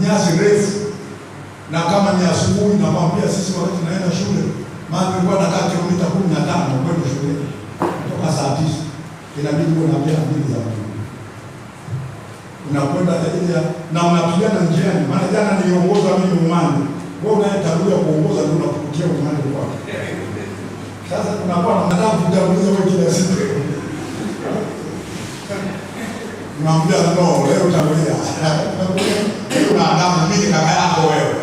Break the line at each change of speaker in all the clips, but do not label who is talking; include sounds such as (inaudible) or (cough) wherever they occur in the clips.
nyasi refu, na kama ni asubuhi, namwambia sisi wakati tunaenda shule, maana tulikuwa nakaa kilomita kumi na tano kwenda shule kutoka saa tisa, inabidi uwe na njia mbili za kutumia, unakwenda ajili na unapigana njiani, maana jana niliongoza mimi umani, wewe unayetangulia kuongoza ndio unakupitia umani kwako. Sasa tunakuwa na madamu kutanguliza wewe kila siku unamwambia no, leo utangulia (laughs) Mimi unaangaza mimi kaka yako wewe.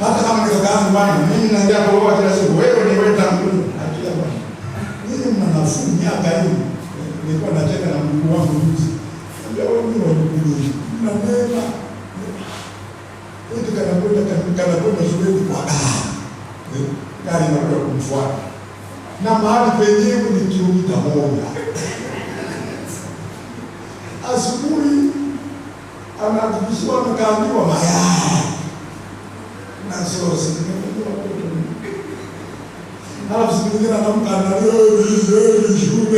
Hata kama ndio kaka yangu bwana, mimi naendelea kuoa kila siku. Wewe ni wewe tangu. Akija bwana. Mimi miaka hiyo. Nilikuwa nacheka na mkuu wangu juzi. Ndio wewe ni wa kukuru. Na mema. kana kwenda kana kwenda shule kwa ah. Gari na kwa kumfuata. Na mahali penyewe ni kilomita moja. Asubuhi anajibishiwa amekaandiwa mayai na alafu siku nyingine anamkandaishube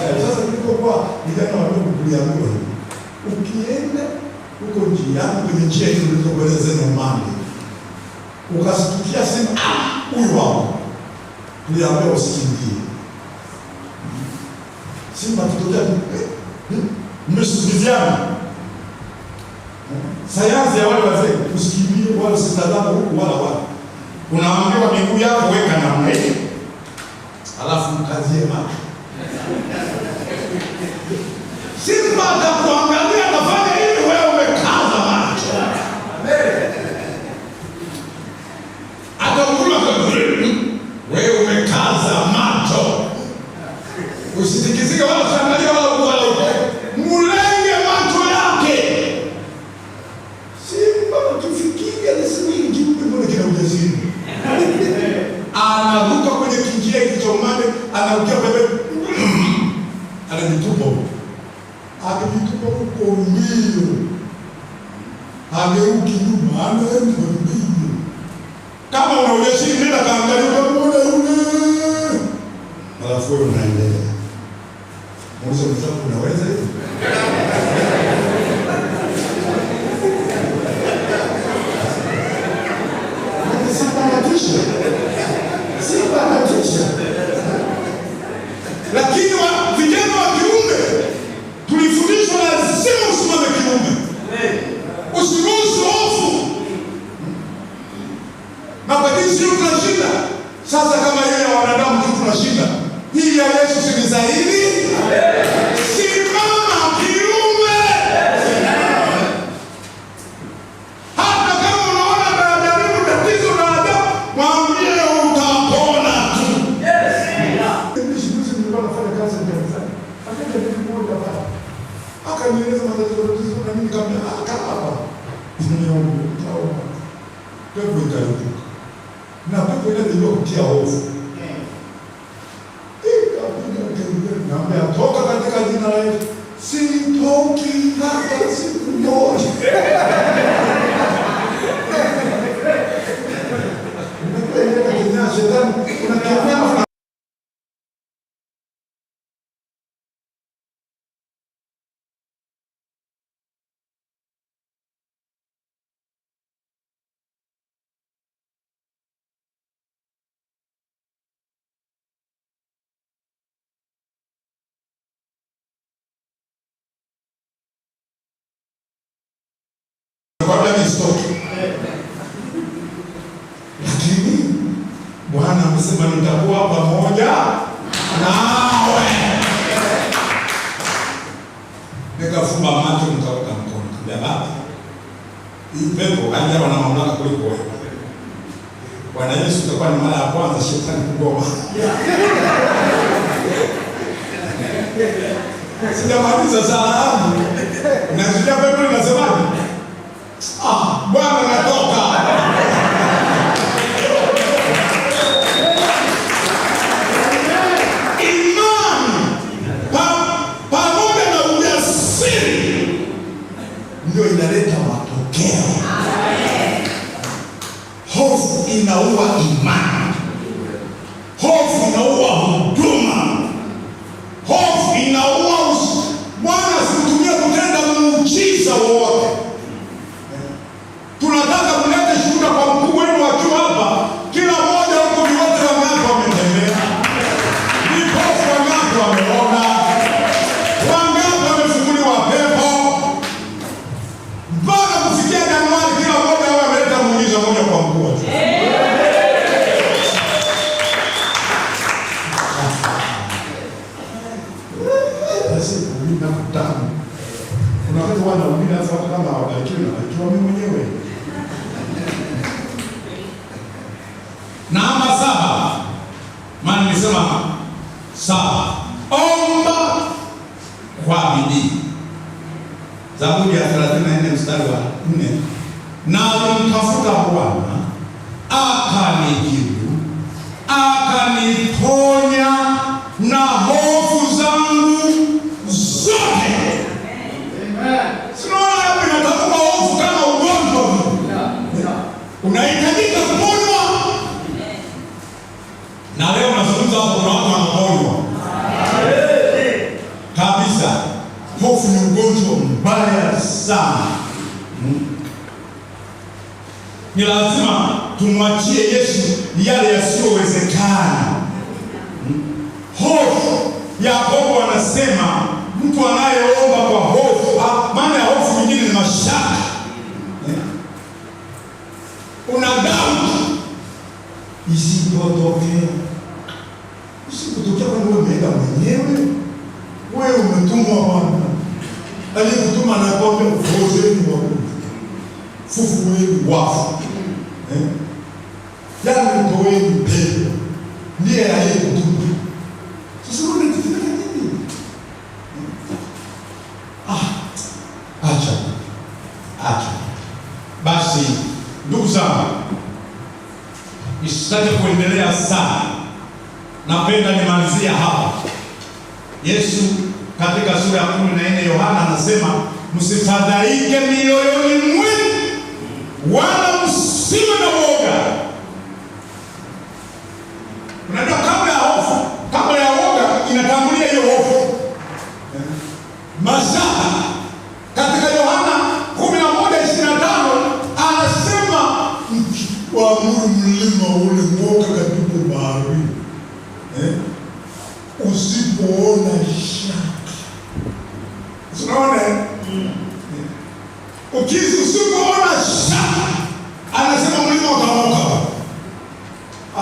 sasa nilikokuwa vijana wadokukuliagua ukienda huko njiani kwenye njia hizo ulizokuelezea nyumbani, ukasikia sema ah, huyu wao niliambia usikimbie. Simba tutokea eh, eh, mmesikilizana. Sayansi ya wale wazee, usikimbie wala usitazame huku wala wala. Unaambiwa miguu yako weka namna hii, alafu mkazie macho Simba atakuangalia. hiyo, ageuki nyuma, anaenda mbio. Kama unaonyesha hivi, nenda kaangalia, utamwona yule, alafu wewe unaendelea. Muulize mwenzako, unaweza hivi? shida. Sasa kama yeye ya wanadamu tu tuna shida, hii ya Yesu si zaidi? Simama dia ovo. nakwambia nisitoke, lakini Bwana amesema nitakuwa pamoja nawe. Nikafumba macho, nikaweka mkono, nikamwambia Baba, hii pepo alijawa na mamlaka kuliko wewe. Bwana Yesu, itakuwa ni mara ya kwanza shetani kugoma. Sijamaliza salamu, nazuia pepo, inasemaje? Ah, Bwana natoka. nimesema sawa, omba kwa bidii. Zaburi ya 34 mstari wa 4, na mtafuta Bwana akanijibu akanitoa sana. Hmm? Ni lazima tumwachie Yesu yale yasiyowezekana. Hmm? Hofu Yakobo anasema mtu anayeomba kwa hofu, ah, maana ya hofu nyingine ni mashaka, hmm? Una unadamu isipotokea isipotokea, wewe umeenda mwenyewe, wewe umetumwa Bwana aliyekutuma anakwambia uozeni waku fufueni wafu eh? yani toweni mpendwa, ndiye aliyekutuma sasa. Unatetemeka nini? Ah, acha acha basi. Ndugu zangu, kuendelea sana, napenda nimalizia hapa Yesu katika sura ya kumi na nne Yohana anasema msifadhaike mioyoni mwenu, wala msiwe na woga. Unajua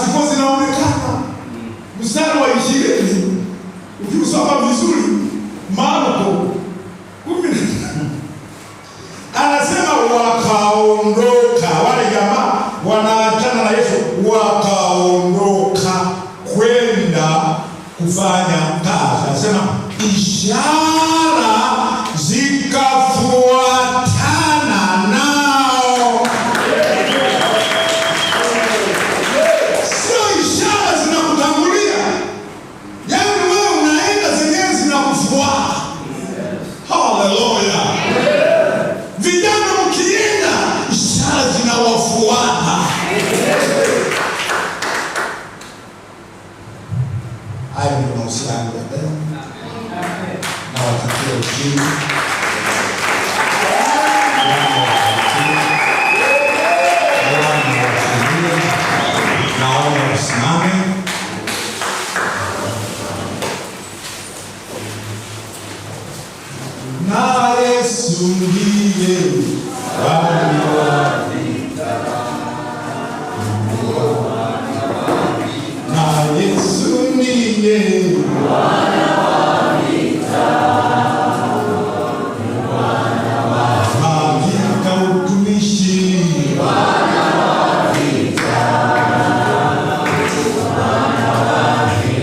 hazikuwa zinaonekana. Mstari wa ishirini ukiusoma vizuri, Marko kumi anasema wakaondoka, wale jamaa wanaachana na Yesu, wakaondoka kwenda kufanya kazi, anasema ishara Senhor.